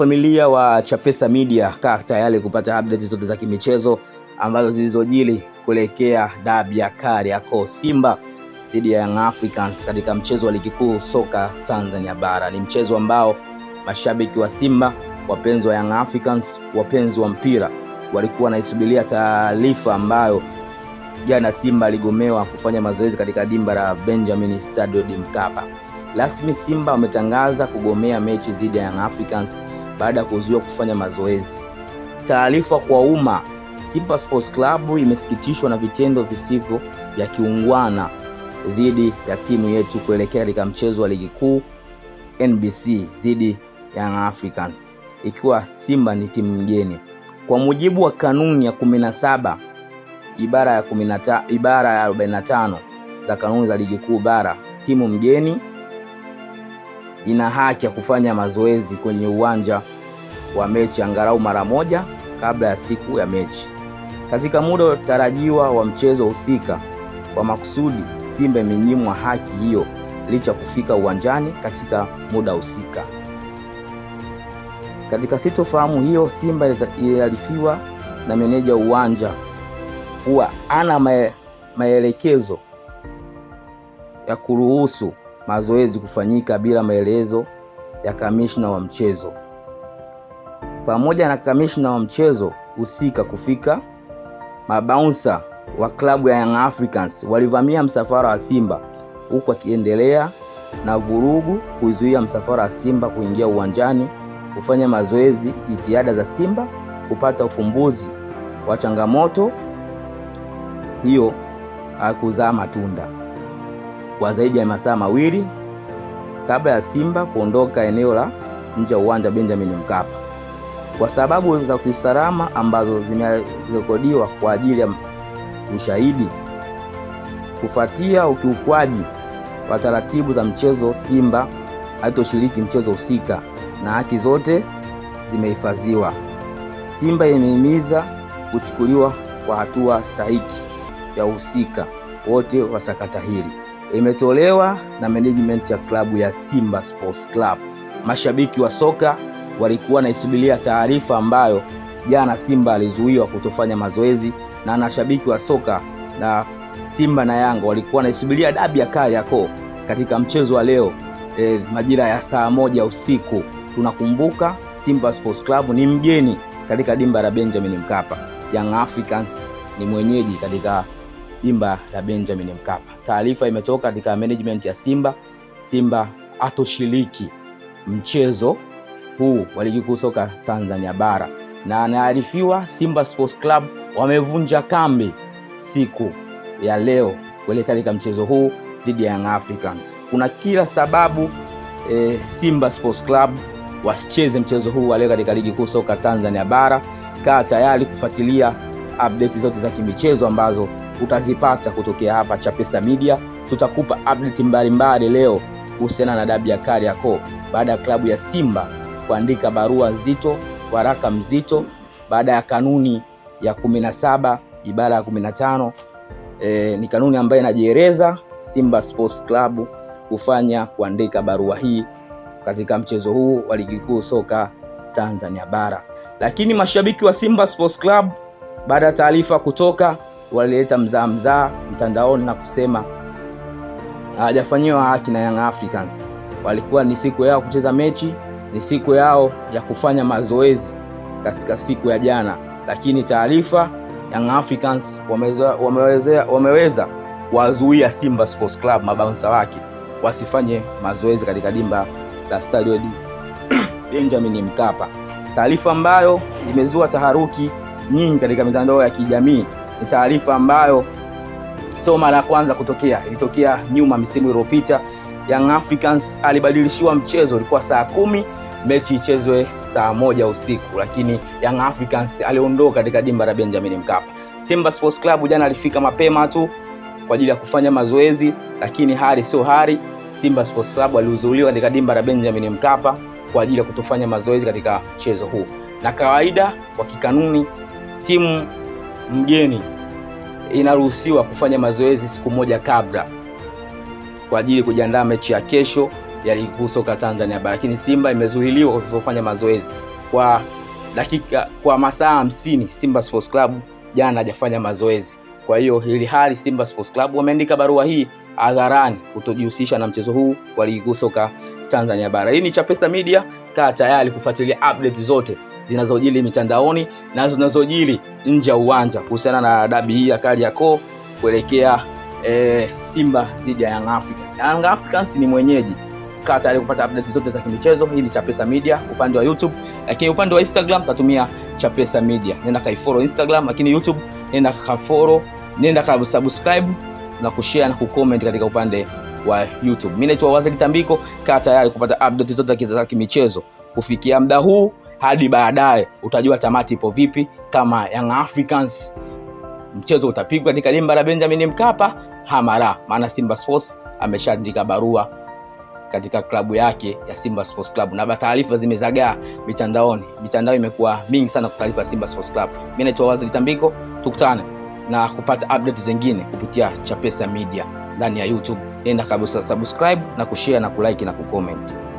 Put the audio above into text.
Wanafamilia wa Chapesa Media, kaa tayari kupata update zote za kimichezo ambazo zilizojili kuelekea dabi ya Kariakoo Simba dhidi ya Young Africans katika mchezo wa ligi kuu soka Tanzania bara. Ni mchezo ambao mashabiki wa Simba, wapenzi wa Young Africans, wapenzi wa mpira walikuwa wanaisubiria taarifa ambayo jana Simba aligomewa kufanya mazoezi katika dimba la Benjamin Stadium Mkapa. Rasmi Simba wametangaza kugomea mechi dhidi ya Young Africans baada ya kuzuiwa kufanya mazoezi. Taarifa kwa umma. Simba Sports Club imesikitishwa na vitendo visivyo vya kiungwana dhidi ya timu yetu kuelekea katika mchezo wa ligi kuu NBC dhidi ya Young Africans, ikiwa Simba ni timu mgeni. Kwa mujibu wa kanuni ya 17 ibara ya 15 ibara ya 45 za kanuni za ligi kuu bara, timu mgeni ina haki ya kufanya mazoezi kwenye uwanja wa mechi angalau mara moja kabla ya siku ya mechi katika muda tarajiwa wa mchezo husika. Kwa makusudi, Simba imenyimwa haki hiyo licha kufika uwanjani katika muda husika. Katika sitofahamu hiyo, Simba iliarifiwa na meneja uwanja kuwa ana maelekezo ya kuruhusu mazoezi kufanyika bila maelezo ya kamishna wa mchezo pamoja na kamishna wa mchezo husika kufika. Mabaunsa wa klabu ya Young Africans walivamia msafara wa Simba huku akiendelea na vurugu kuzuia msafara wa Simba kuingia uwanjani kufanya mazoezi. Jitihada za Simba kupata ufumbuzi wa changamoto hiyo hakuzaa matunda kwa zaidi ya masaa mawili kabla ya Simba kuondoka eneo la nje ya uwanja Benjamin Mkapa kwa sababu za kiusalama ambazo zimerekodiwa kwa ajili ya ushahidi. Kufuatia ukiukwaji wa taratibu za mchezo, Simba haitoshiriki mchezo husika na haki zote zimehifadhiwa. Simba imehimiza kuchukuliwa kwa hatua stahiki ya husika wote wa sakata hili imetolewa na management ya klabu ya Simba Sports Club. Mashabiki wa soka walikuwa naisubilia taarifa ambayo jana Simba alizuiwa kutofanya mazoezi, na mashabiki wa soka na Simba na Yanga walikuwa wanaisubiria dabi ya Kariakoo katika mchezo wa leo eh, majira ya saa moja usiku. Tunakumbuka Simba Sports Club ni mgeni katika dimba la Benjamin Mkapa. Young Africans ni mwenyeji katika dimba la Benjamin Mkapa. Taarifa imetoka katika management ya Simba, Simba atoshiriki mchezo huu wa ligi kuu soka Tanzania bara, na anaarifiwa Simba Sports Club wamevunja kambi siku ya leo kuelekea katika mchezo huu dhidi ya Young Africans. Kuna kila sababu e, Simba Sports Club wasicheze mchezo huu wa leo katika ligi kuu soka Tanzania bara. Kaa tayari kufuatilia update zote za kimichezo ambazo utazipata kutokea hapa Chapesa Media. Tutakupa update mbalimbali leo kuhusiana na dabi ya Kariakoo baada ya klabu ya Simba kuandika barua nzito, waraka mzito, baada ya kanuni ya 17 ibara ya 15. E, ni kanuni ambayo inajieleza Simba Sports Club kufanya kuandika barua hii katika mchezo huu wa ligi kuu soka Tanzania bara. Lakini mashabiki wa Simba Sports Club baada ya taarifa kutoka walileta mzaa mzaa mtandaoni na kusema hawajafanyiwa haki na Young Africans. Walikuwa ni siku yao kucheza mechi, ni siku yao ya kufanya mazoezi katika siku ya jana, lakini taarifa, Young Africans wameweza, wameweza, wameweza kuwazuia Simba Sports Club mabaunsa wake wasifanye mazoezi katika dimba la Stadium Benjamin Mkapa, taarifa ambayo imezua taharuki nyingi katika mitandao ya kijamii ni taarifa ambayo sio mara ya kwanza kutokea. Ilitokea nyuma misimu iliyopita, Young Africans alibadilishiwa mchezo, ulikuwa saa kumi mechi ichezwe saa moja usiku, lakini Young Africans aliondoka katika dimba la Benjamin Mkapa. Simba Sports Club jana alifika mapema tu kwa ajili ya kufanya mazoezi, lakini hali sio hali. Simba Sports Club aliuzuliwa katika dimba la Benjamin Mkapa kwa ajili ya kutofanya mazoezi katika mchezo huu, na kawaida kwa kikanuni timu mgeni inaruhusiwa kufanya mazoezi siku moja kabla kwa ajili kujiandaa mechi ya kesho ya ligi kuu soka Tanzania Bara, lakini Simba imezuiliwa kufanya mazoezi kwa dakika kwa masaa 50 Simba Sports Club jana hajafanya mazoezi. Kwa hiyo hili hali Simba Sports Club wameandika barua hii hadharani kutojihusisha na mchezo huu wa ligi kuu soka Tanzania bara. Hii ni Chapesa Media, kaa tayari kufuatilia update zote zinazojili mitandaoni na zinazojili nje ya uwanja kuhusiana na dabi hii ya Kariakoo kuelekea e, Simba dhidi ya Young Africans. Young Africans ni mwenyeji. Kaa tayari kupata update zote za kimichezo. Hii ni Chapesa Media upande wa YouTube, lakini upande wa Instagram tunatumia Chapesa Media. Nenda kaifollow Instagram, lakini YouTube nenda kafollow nenda ka subscribe na kushare na kucomment katika upande wa YouTube. Mimi naitwa wazi kitambiko kaa tayari kupata update zote za kimichezo kufikia muda huu hadi baadaye. Utajua tamati ipo vipi kama Young Africans mchezo utapigwa katika limba la Benjamin Mkapa Hamara, maana Simba Sports ameshaandika barua katika klabu yake ya Simba Sports Club na taarifa zimezagaa mitandaoni. Mitandao imekuwa mingi sana kwa taarifa ya Simba Sports Club. Mimi naitwa wazi Tambiko, tukutane na kupata update zingine kupitia Chapesa Media ndani ya YouTube, nenda kabisa subscribe na kushare na kulike na kucomment.